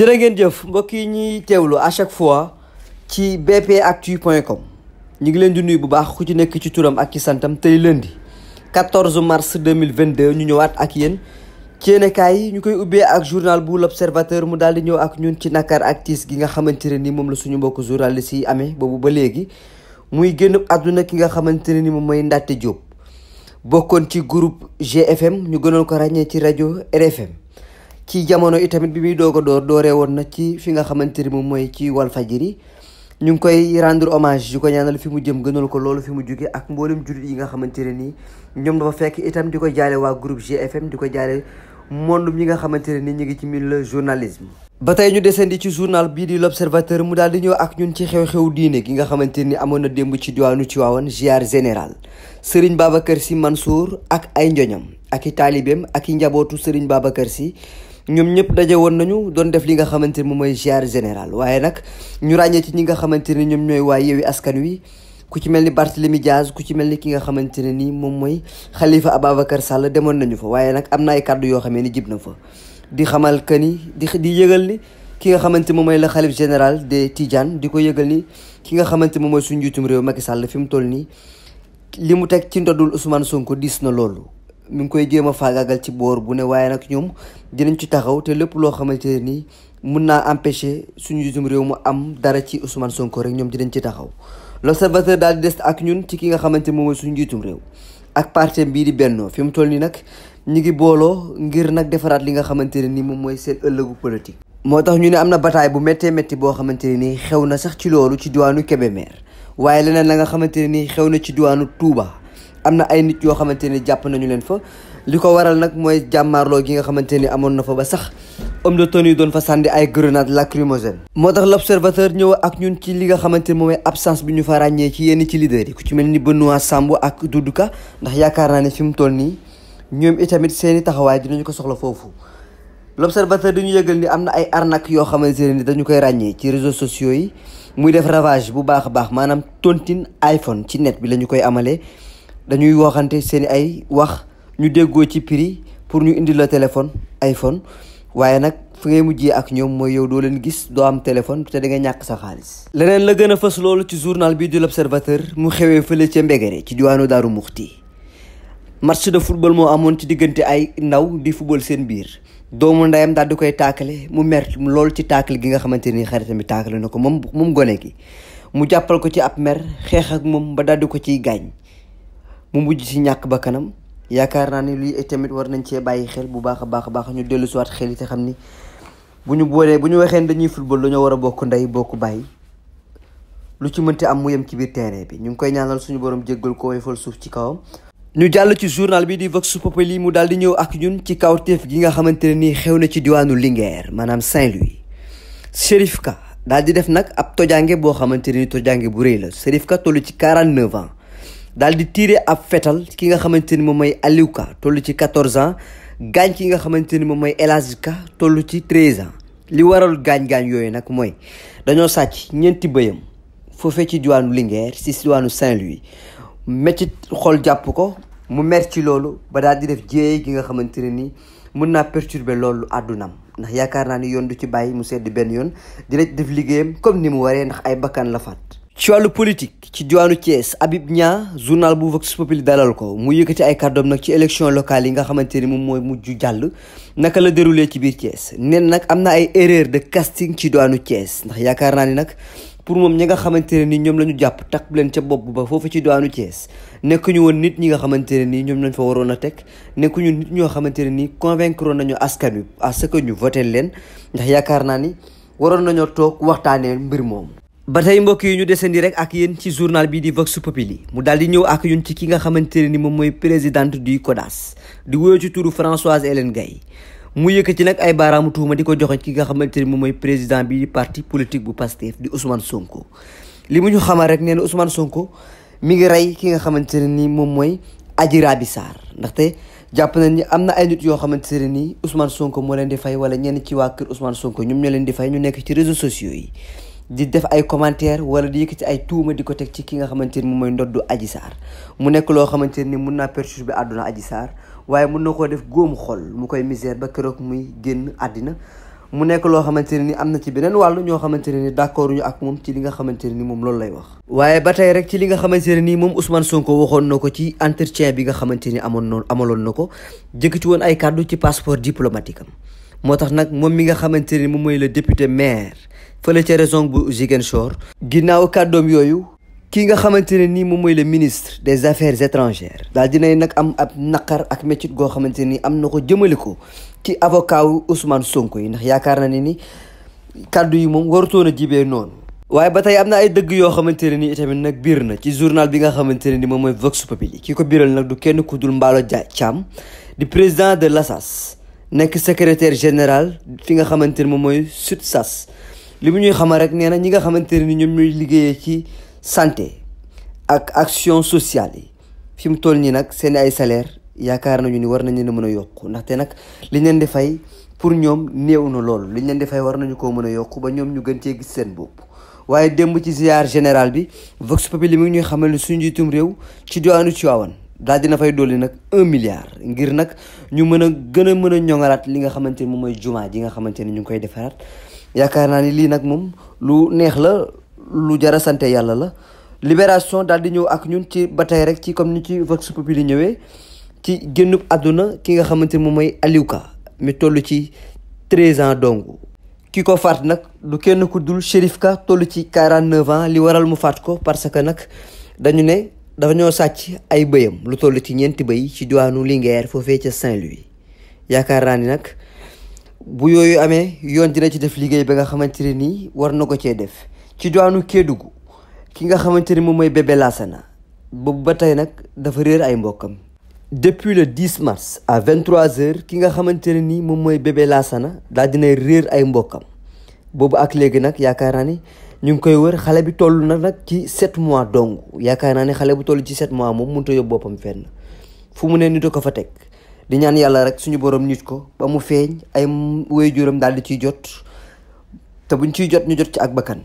jërë jëf mbokk yi ñuy teewlu a chaque fois ci bpactu.com ñu ngi leen di nuyu bu baax ku ci nekk ci turam ak ci santam tey lundi 14 mars 2022 ñu ñëwaat ak yéen ci yéenekaay yi ñu koy ubbee ak journal bu l'observateur mu daal di ñëw ak ñun ci nakar ak tiis gi nga xamante ne ni moom la suñu mbokk journaliste si amee boobu ba léegi muy génn àdduna ki nga xamante ne ni moom mooy Ndatte Diop bokkoon ci groupe GFM ñu gënoon ko ràññee ci rajo RFM ci jamono itamit bi muy doog a door dooree woon na ci fi nga xamante ni moom mooy ci Walfadjri ñu ngi koy rendre omage di ko ñaanal fi mu jëm gënal ko lool fi mu jóge ak mboolem jullit yi nga xamante ne ni ñoom dafa fekk itam di ko jaale waa group GFM di ko jaale monde ñi nga xamante ne ni ñu ngi ci milieu journalisme. ba tey ñu desandi ci journal bii di l'observateur mu daal di ñëw ak ñun ci xew-xew diine gi nga xamante ni amoon na démb ci ci Tiwaawan ziar général Serigne Babacar Sy Mansour ak ay njoñam ak i taalibeem ak i njabootu Serigne kër si ñoom ñëpp daje woon nañu doon def li nga xamante ni moom mooy ziar général waaye nag ñu ràññee ci ñi nga xamante ni ñoom ñooy waa Yewwi Askan Wi ku ci mel ni Barthélemy Diaz ku ci mel ni ki nga xamante ne nii moom mooy xalifa Ababacar Sall demoon nañu fa waaye nag am na ay kàddu yoo xamee ni jib na fa di xamal que ni di di yëgal ni ki nga xamante moom mooy la xalif général de Tidiane di ko yëgal ki nga xamante moom mooy suñu njiitum réew Macky Sall fi mu toll nii li mu teg ci ndodul Ousmane Sonko diis na loolu mi ngi koy jéem a faagaagal ci boor bu ne waaye nag ñoom dinañ ci taxaw te lépp loo xamante ne nii mun naa empêcher suñu njiitum réew mu am dara ci Ousmane Sonko rek ñoom dinañ ci taxaw l'observateur daal di des ak ñun ci ki nga xamante moom mooy suñu njiitum réew ak parti bii di Benno fi mu toll nii nag ñu ngi booloo ngir nag defaraat li nga xamante ne ni moom mooy seen ëllëgu politique. moo tax ñu ne am na bataay bu méttee métti boo xamante ne nii xew na sax ci loolu ci diwaanu Kébémer waaye leneen la nga xamante ne nii xew na ci diwaanu tuuba am na ay nit yoo xamante ne jàpp nañu leen fa li ko waral nag mooy jàmmaarloo gi nga xamante ni amoon na fa ba sax homme de tenue doon fa sànni ay grenade lacrymogène moo tax l'observateur ñëw ak ñun ci li nga xamante ne moom absence bi ñu fa ràññee ci yenn ci leader yi ku ci mel ni Benoît Sambou ak Doudou Ka ndax yaakaar naa ne fi mu toll nii ñoom itamit seeni taxawaay dinañu ko soxla foofu l'observateur dañu yëgal ni am na ay arnaque yoo xamante ne dañu koy ràññee ci réseau sociaux yi muy def ravage bu baax a baax maanaam tontine iPhone ci net bi la ñu koy amalee dañuy waxante seeni ay wax ñu déggoo ci prix pour ñu indi la téléphone iPhone waaye nag fi ngay mujjee ak ñoom mooy yow doo leen gis doo am téléphone te da ngay ñàkk sa xaalis leneen la gën a fas loolu ci journal bii di l'Observateur mu xewee fële ca Mbegere ci diwaanu Daaru Muxti match de football moo amoon ci diggante ay ndaw di football seen biir doomu ndeyam daal di koy taakale mu mer lool ci taakale gi nga xamante ni xaritam bi taakale na ko moom moom gone gi mu jàppal ko ci ab mer xeex ak moom ba daal di ko ciy gaañ mu mujj ci ñàkk ba kanam yaakaar naa ni lii tamit war nañ cee bàyyi xel bu baax a baax a baax ñu dellu siwaat xel yi te xam ni bu ñu boolee bu ñu waxee dañuy football dañoo war a bokk ndey bokk bàyyi lu ci mënti am mu yem ci biir terrain bi ñu ngi koy ñaanal suñu borom jéggal ko way fal suuf ci kawam. ñu jàll ci journal bi di Vox Populi mu daal di ñëw ak ñun ci kaw kawteef gi nga xamante ne nii xew na ci diwaanu Linguère maanaam Saint-Louis Chérif Ka daal di def nag ab tojange boo xamante ne nii tojange bu rëy la Chérif Ka toll ci 49 ans. daal di tiire ab fetal ki nga xamante ni moom mooy Aliou toll ci 14 ans gaañ ki nga xamante ni moom mooy El Ka tollu ci 13 ans li waral gaañ-gaañ yooyu nag mooy dañoo sàcc ñeenti bëyam foofee ci diwaanu Linguère si diwaanu Saint-Louis métit xol jàpp ko mu mer ci loolu ba daal di def jéey ki nga xamante ne ni mun naa perturber loolu àddunam ndax yaakaar naa ni yoon du ci bàyyi mu sedd benn yoon dina def liggéeyam comme ni mu waree ndax ay bakkan la faat ci wàllu politique ci diwaanu Thiès Habib ñaa journal bu Vox Populi dalal ko mu yëkkati ay kàddoom nag ci élection locale yi nga xamante ni moom mooy mujj jàll naka la déroulé ci biir Thiès nen nag am na ay erreur de casting ci diwaanu Thiès ndax yaakaar naa ni nag pour moom ñi nga xamante ne ni ñoom la ñu jàpp takk leen ca bopp ba foofu ci diwaanu Thiès nekkuñu woon nit ñi nga xamante ne nii ñoom lañ fa waroon a teg nekkuñu nit ñoo xamante ne nii convaincre nañu askan wi à ce leen ndax yaakaar naa ni waroon nañoo toog waxtaanee mbir moom ba tey mbokk yi ñu desandi rek ak yéen ci journal bi di Vox Populi mu daal di ñëw ak yéen ci ki nga xamante ne ni moom mooy présidente du CODAS di wuyoo turu Françoise Hélène Gaye mu yëkkati nag ay baaraamu di ko joxe ki nga xamante ni moom mooy président bi parti politique bu Pastef di Ousmane Sonko li mu ñu xamal rek nee na Ousmane Sonko mi ngi rey ki nga xamante ne ni moom mooy Adji Raby Sarr ndaxte jàpp nañ ni am na ay nit yoo xamante ne ni Ousmane Sonko moo leen di fay wala ñenn ci waa kër Sonko ñoom ñoo leen di fay ñu nekk ci réseau sociaux yi. di def ay commentaire wala di yëkkati ay tuuma di ko teg ci ki nga xamante ni moom mooy ndoddu Adji Sarr mu nekk loo xamante ni mun naa perturber àdduna Adji Sarr waaye mun na koo def góomu xol mu koy misère ba keroog muy génn àddina mu nekk loo xamante ne ni am na ci beneen wàllu ñoo xamante ne ni d'accord ñu ak moom ci li nga xamante ne ni moom loolu lay wax waaye ba tey rek ci li nga xamante ne nii moom soo ko waxoon na ko ci entretien bi nga xamante ni amoon noonu amaloon na ko jëkk ci woon ay kàddu ci passeport diplomatique am moo tax nag moom mi nga xamante ni moom mooy le député maire fële ca région bu Ziguinchor ginnaaw kàddoom yooyu ki nga xamante ne nii moom mooy le ministre des affaires étrangères daal dinay nag am ab naqar ak métit goo xamante ni am na ko jëmale ko ci avocat wu sonk yi ndax yaakaar na ne ni kàddu yi moom warutoon a jibee noonu waaye ba tey am na ay dëgg yoo xamante ne ni itamit nag biir na ci journal bi nga xamante ne ni moom mooy Vox Populi ki ko biiral nag du kenn ku dul Mballo Dia Thiam di président de l'ASAS nekk secretaire général fi nga xamante ne moom mooy SUTSAS li mu ñuy xamal rek nee na ñi nga xamante ne ni ñoom muy liggéeyee ci santé ak action sociale yi fi mu toll nii nag seen ay salaire yaakaar nañu ni war nañ leen mën a yokku ndaxte nag li leen di fay pour ñoom néew na loolu liñ leen di fay war nañu koo mën a yokku ba ñoom ñu gën cee gis seen bopp. waaye démb ci ziar général bi Vox Populi li mu ñuy xamal ne suñu njiitum réew ci diwaanu Tivaouane daal dina fay dolli nag un milliard ngir nag ñu mën a gën a mën a ñoŋaraat li nga xamante ni moom mooy jumaa ji nga xamante ni ñu ngi koy defaraat yaakaar naa ni lii nag moom lu neex la lu jara sante yàlla la libération daal di ñëw ak ñun ci ba tey rek ci comme ni ci Vox Populi ñëwee ci génnub àdduna ki nga xamante ni moom mooy Aliou Ka mi toll ci treize ans dong ki ko faat nag du kenn ku dul Chérif Ka toll ci quarante neuf ans li waral mu faat ko parce que nag dañu ne dafa ñoo sàcc ay bëyam lu toll ci ñeenti bëy ci diwaanu Linguère foofee ca Saint-Louis yaakaar naa ni nag bu yooyu amee yoon dina ci def liggéey ba nga xamante ne nii war na ko cee def ci diwaanu Kédougou ki nga xamante ni moom mooy Bébé Lassana boobu ba tey nag dafa réer ay mbokkam depuis le 10 mars à 23h ki nga xamante ne nii moom mooy Bébé Lassana daal dina réer ay mbokkam boobu ak léegi nag yaakaar naa ni ñu ngi koy wër xale bi toll na nag ci sept mois dong yaakaar naa ni xale bu toll ci sept mois moom mënut a yóbbu boppam fenn fu mu ne nit a ko fa teg di ñaan yàlla rek suñu borom nit ko ba mu feeñ ay waajuram daal di ciy jot te buñ ciy jot ñu jot ci ak bakkan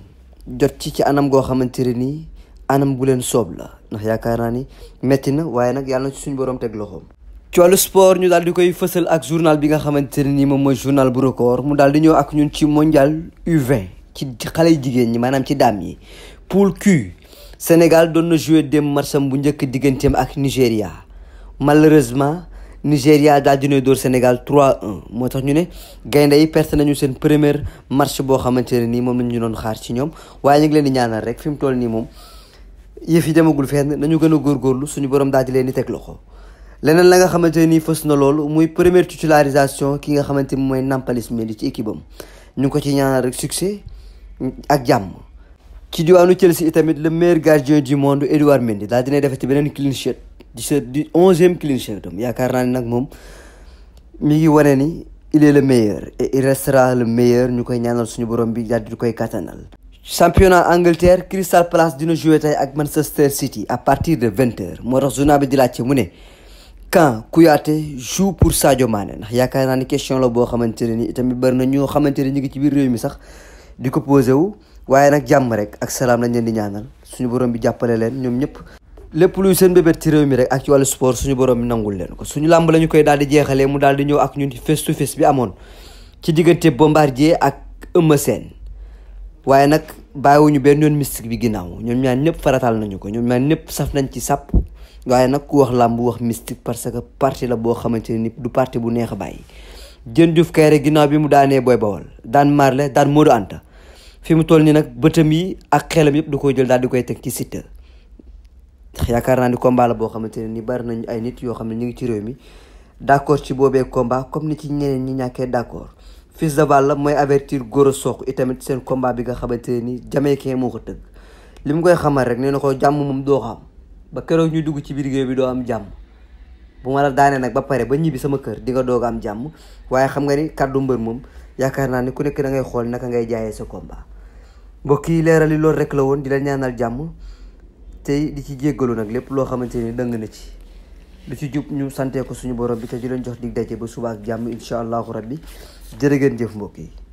jot ci ci anam goo xamante ne nii anam bu leen soob la ndax yaakaar naa ni metti na waaye nag yàlla ci suñu borom teg loxoom. ci sport ñu daal di koy fësal ak journal bi nga xamante ne nii moom mooy journal bu mu daal di ñëw ak ñun ci mondial u ci xale yi jigéen ñi maanaam ci daam yi poule Q Sénégal doon na joué dem marsam bu njëkk digganteem ak Nigéria malheureusement Nigéria daal ne door Sénégal 3-1 moo tax ñu ne gaynde yi perte nañu seen première match boo xamante ne nii moom la ñu doon xaar ci ñoom waaye ñu ngi leen di ñaanal rek fi mu toll nii moom yëf yi demagul fenn nañu gën a góorgóorlu suñu borom daal di leen di teg loxo. leneen la nga xamante ne nii fës na loolu muy première titularisation ki nga xamante ni mooy Nampalys Mendy ci équipe am ñu ko ci ñaanal rek succès. ak jàmm ci diwaanu Chelsea itamit le meilleur gardien du monde Edouard Mendy daal dina dinay ci beneen clean sheet di se di onzième clean sheet am yaakaar naa ni nag moom mi ngi wane ni il le meilleur et il le meilleur ñu koy ñaanal suñu borom bi daal di koy kattanal. championnat Angleterre Crystal Palace dina joué tey ak Manchester City à partir de vingt moo tax journal bi di laajte mu ne. ku Kouyaté joue pour Sadio Mané ndax yaakaar naa ni question la boo xamante ne ni itamit bari na ñoo xamante ne ñu ngi ci biir réew mi sax. di ko posé wu waaye nag jàmm rek ak salaam lañ leen di ñaanal suñu borom bi jàppale leen ñoom ñëpp lépp luy seen bébét ci réew mi rek ak ci wàllu sport suñu borom bi nangul leen ko suñu làmb lañu koy daal di jeexalee mu daal ñëw ak ñun face to face bi amoon ci diggante Bombardier ak Eumeu seen waaye nag bàyyiwuñu benn yoon mystique bi ginnaaw ñoom ñaan ñëpp faratal nañu ko ñoom ñaan ñëpp saf nañ ci sàpp waaye nag ku wax làmb wax mystique parce que parti la boo xamante ni du parti bu neex a bàyyi Diène Diouf Kairé ginnaaw bi mu daanee booy Bawol daan Marley daan Modou Anta fi mu toll nii nag bëtam yi ak xelam yëpp du koy jël daal di koy teg ci Siteu yaakaar naa ni combat la boo xamante ne nii bari nañu ay nit yoo xam ne ñu ngi ci réew mi d'accord ci boobee comme ni ci ñeneen ñi ñàkkee d'accord Fils de Balla mooy avertir Gora Sock itamit seen combat bi nga xamante ne ni Jamaïcain moo ko tëgg li mu koy xamal rek nee na ko jàmm moom doo xam ba keroog ñu dugg ci biir géew bi doo am jàmm. bu ma la daanee nag ba pare ba ñibbi sama kër dinga nga am jàmm waaye xam nga ni kàddu mbër moom yaakaar naa ni ku nekk da ngay xool naka ngay jaayee sa combat mbokk yi leerali loolu rek la woon di la ñaanal jàmm tey di ci jéggalu nag lépp loo xamante ni dëng na ci lu ci jub ñu santee ko suñu borom bi te di leen jox dig daje ba suba jàmm incha allahu rabbi jërë ngeen jëf mbokk yi